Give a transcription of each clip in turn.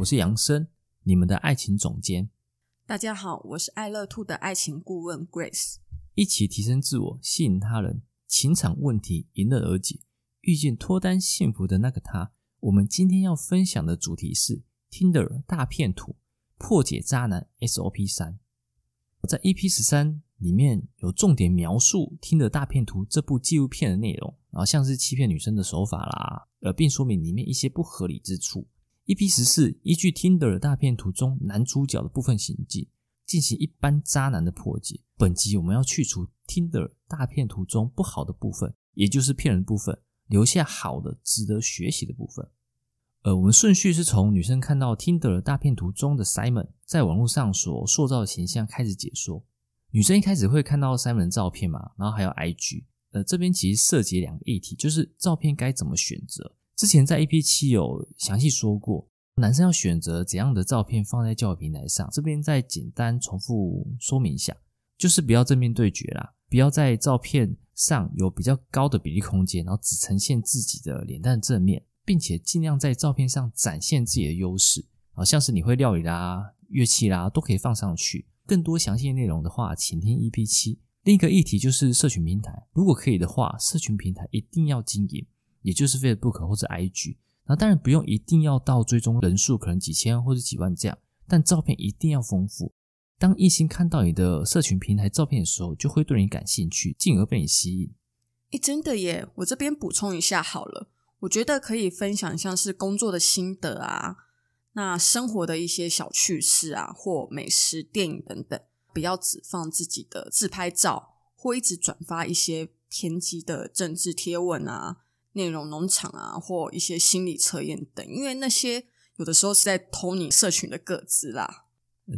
我是 Sam，你們的愛情總監。大家好，我是愛樂 Two 的愛情顧問 Grace。一起提升自我，吸引他人，情場問題迎刃而解，遇見脫單幸福的那個他。我們今天要分享的主題是《Tinder 大騙徒破解渣男 SOP 三。》 在 EP 十三裡面有重點描述《Tinder 大騙徒》這部紀錄片的內容，然後像是欺騙女生的手法啦，呃，並說明裡面一些不合理之處。EP 十四依據 Tinder 大騙徒中男主角的部分行徑，進行一般渣男的破解。本集我們要去除 Tinder 大騙徒中不好的部分，也就是騙人部分，留下好的、值得學習的部分。呃，我們順序是從女生看到 Tinder 大騙徒中的 Simon 在網絡上所塑造的形象開始解說。女生一開始會看到 Simon 的照片嘛，然後還有 IG。呃，這邊其實涉及兩個議題，就是照片該怎麼選擇。之前在 EP 七有詳細說過，男生要選擇怎樣的照片放在交友平台上，這邊再簡單重複說明一下，就是不要正面對決啦，不要在照片上有比較高的比例空間，然後只呈現自己的臉蛋正面，並且盡量在照片上展現自己的優勢，好像是你會料理啦、樂器啦都可以放上去。更多詳細內容的話，請聽 EP 七。另一個議題就是社群平台，如果可以的話，社群平台一定要經營。也就是 Facebook 或者 IG，那當然不用一定要到追蹤人數，可能幾千或者幾萬這樣，但照片一定要豐富。當異性看到你的社群平台照片的時候，就會對你感興趣，進而被你吸引。誒、欸、真的耶！我這邊補充一下好了，我覺得可以分享像是工作的心得啊，那生活的一些小趣事啊，或美食、電影等等，不要只放自己的自拍照，或一直轉發一些偏激的政治貼文啊。內容農場啊，或一些心理測驗等，因為那些有的時候是在偷你社群的個資啦。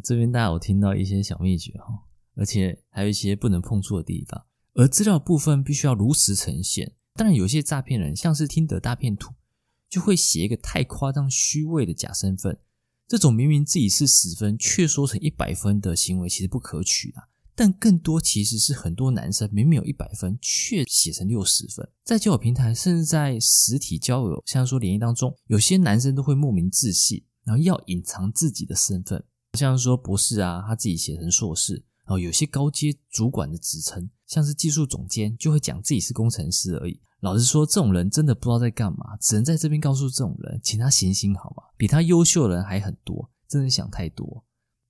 這邊大家有聽到一些小祕訣哈，而且還有一些不能碰觸的地方。而資料的部分必須要如實呈現，當然有些詐騙人像是 Tinder 大騙徒，就會寫一個太誇張虛偽的假身份。這種明明自己是十分，卻說成一百分的行為，其實不可取的。但更多其實是很多男生明明有一百分，卻寫成六十分。在交友平台，甚至在實體交友，像說聯誼當中，有些男生都會莫名自信，然後要隱藏自己的身份，像說博士啊，他自己寫成碩士，然後有些高階主管的職稱，像是技術總監，就會講自己是工程師而已。老實說，這種人真的不知道在幹嘛，只能在這邊告訴這種人，請他醒醒好嗎？比他優秀的人還很多，真的想太多。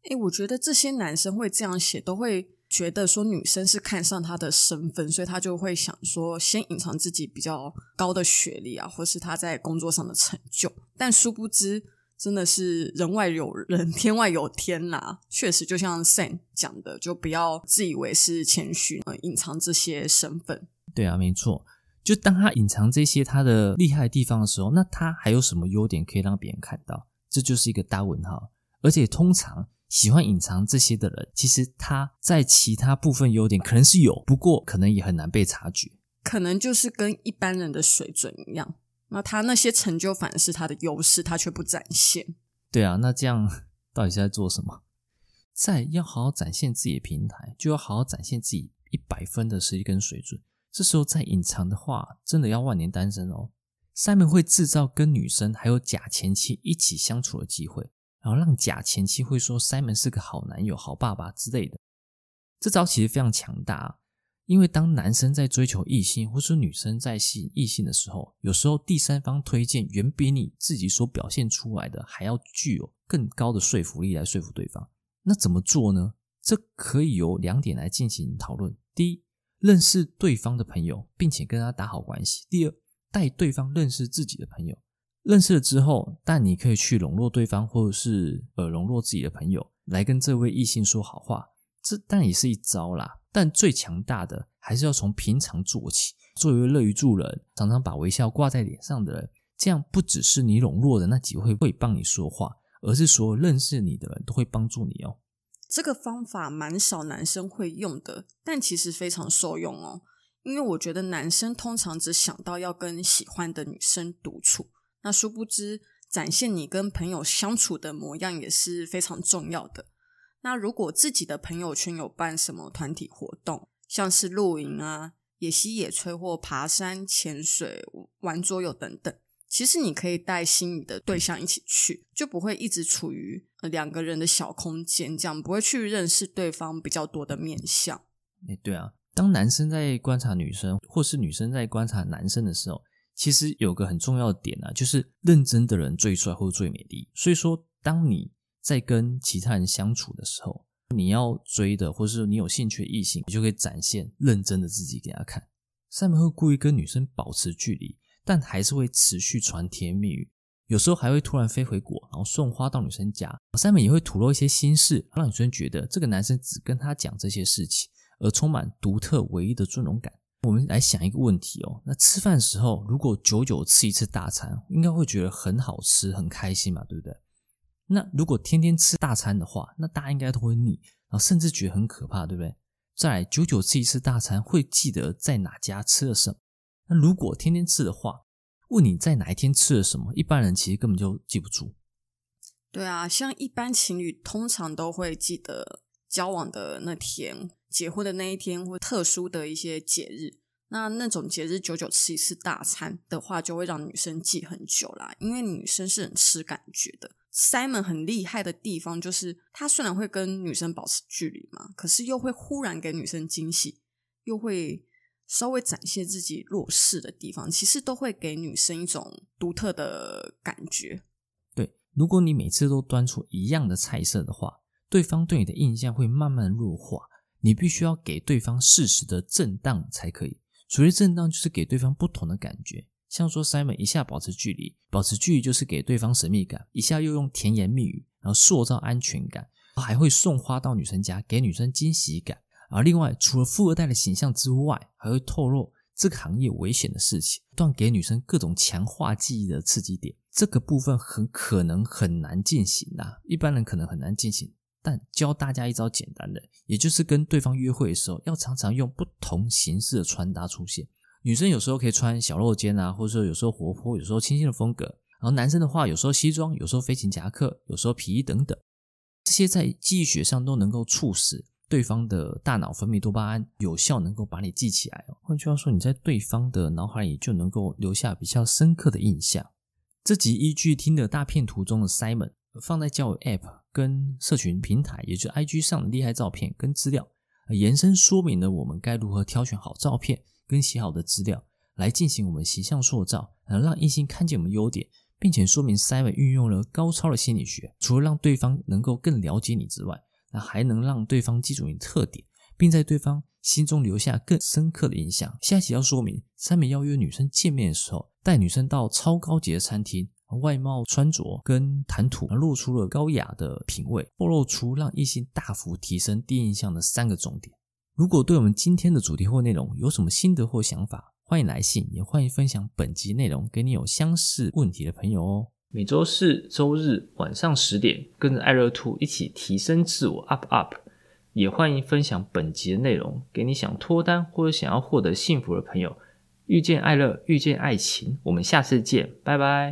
哎、欸，我覺得這些男生會這樣寫，都會覺得說女生是看上他的身份，所以他就會想說先隱藏自己比較高的學歷啊，或是他在工作上的成就。但殊不知，真的是人外有人，天外有天吶！確實，就像 Sam 講的，就不要自以為是，謙虛、呃，隱藏這些身份。對啊，沒錯。就當他隱藏這些他的厲害的地方的時候，那他還有什麼優點可以讓別人看到？這就是一個大問號。而且通常，喜歡隱藏這些的人，其實他在其他部分優點可能是有，不過可能也很難被察覺。可能就是跟一般人的水準一樣。那他那些成就反而是他的優勢，他卻不展現。對啊，那這樣到底是在做什麼？在要好好展現自己的平台，就要好好展現自己一百分的實力跟水準。這時候再隱藏的話，真的要萬年單身哦。Simon 會製造跟女生還有假前妻一起相處的機會。然後讓假前妻會說 Simon 是個好男友、好爸爸之類的，這招其實非常強大啊。因為當男生在追求異性，或者女生在吸引異性的時候，有時候第三方推薦遠比你自己所表現出來的還要具有更高的說服力來說服對方。那怎麼做呢？這可以由兩點來進行討論：第一，認識對方的朋友，並且跟他打好關係；第二，帶對方認識自己的朋友。認識了之後，但你可以去籠絡對方，或者是呃籠絡自己的朋友，來跟這位異性說好話，這當然也是一招啦。但最強大的還是要從平常做起，作為樂於助人、常常把微笑掛在臉上的人，這樣不只是你籠絡的那幾位會幫你說話，而是所有認識你的人都會幫助你哦。這個方法蠻少男生會用的，但其實非常受用哦，因為我覺得男生通常只想到要跟喜歡的女生獨處。那殊不知，展現你跟朋友相處的模樣也是非常重要的。那如果自己的朋友圈有辦什麼團體活動，像是露營啊、野溪野炊或爬山、潛水、玩桌遊等等，其實你可以帶心儀的對象一起去，就不會一直處於兩個人的小空間，這樣不會去認識對方比較多的面向。哎、欸，對啊，當男生在觀察女生，或是女生在觀察男生的時候。其實有個很重要的點呢、啊，就是認真的人最帥或者最美麗。所以說，當你在跟其他人相處的時候，你要追的或者是你有興趣的異性，你就可以展現認真的自己給他看。Simon 會故意跟女生保持距離，但還是會持續傳甜言蜜語，有時候還會突然飛回國，然後送花到女生家。Simon 也會吐露一些心事，讓女生覺得這個男生只跟她講這些事情，而充滿獨特唯一的尊榮感。我們來想一個問題哦，那吃飯的時候，如果久久吃一次大餐，應該會覺得很好吃，很開心嘛，對不對？那如果天天吃大餐的話，那大家應該都會膩，然後甚至覺得很可怕，對不對？再來，久久吃一次大餐會記得在哪家吃了什麼？那如果天天吃的話，問你在哪一天吃了什麼，一般人其實根本就記不住。對啊，像一般情侶通常都會記得交往的那天。結婚的那一天或特殊的一些節日，那那種節日久久吃一次大餐的話，就會讓女生記很久啦。因為女生是很吃感覺的。Simon 很厲害的地方就是，他雖然會跟女生保持距離嘛，可是又會忽然給女生驚喜，又會稍微展現自己弱勢的地方，其實都會給女生一種獨特的感覺。對，如果你每次都端出一樣的菜色的話，對方對你的印象會慢慢弱化。你必須要給對方適時的震盪才可以，所謂震盪，就是給對方不同的感覺。像說 Simon 一下保持距離，保持距離就是給對方神秘感；一下又用甜言蜜語，然後塑造安全感，還會送花到女生家，給女生驚喜感。而另外，除了富二代的形象之外，還會透露這個行業危險的事情，不斷給女生各種強化記憶的刺激點。這個部分很可能很難進行啊，一般人可能很難進行。但教大家一招簡單的，也就是跟對方約會的時候，要常常用不同形式的穿搭出現。女生有時候可以穿小露肩啊，或者說有時候活潑，有時候清新的風格。然後男生的話，有時候西裝，有時候飛行夾克，有時候皮衣等等。這些在記憶學上都能夠促使對方的大腦分泌多巴胺，有效能夠把你記起來。換句話說，你在對方的腦海裡就能夠留下比較深刻的印象。這集依據聽的大騙徒中的 Simon 放在交友 App。跟社群平台，也就是 IG 上的厲害照片跟資料，延伸說明了我們該如何挑選好照片跟寫好的資料來進行我們形象塑造，能讓異性看見我們優點，並且說明 Simon 運用了高超的心理學，除了讓對方能夠更了解你之外，那還能讓對方記住你的特點，並在對方心中留下更深刻的印象。下集要說明 Simon 邀約女生見面的時候，帶女生到超高級的餐廳。外貌、穿着跟談吐，露出了高雅的品味，暴露出讓異性大幅提升第一印象的三個重點。如果對我們今天的主題或內容有什麼心得或想法，歡迎來信，也歡迎分享本集內容給你有相似問題的朋友哦。每周四、周日晚上十點，跟着愛樂 Two 一起提升自我，up up。也歡迎分享本集的內容給你想脫單或者想要獲得幸福的朋友。遇見愛樂，遇見愛情，我們下次見，拜拜。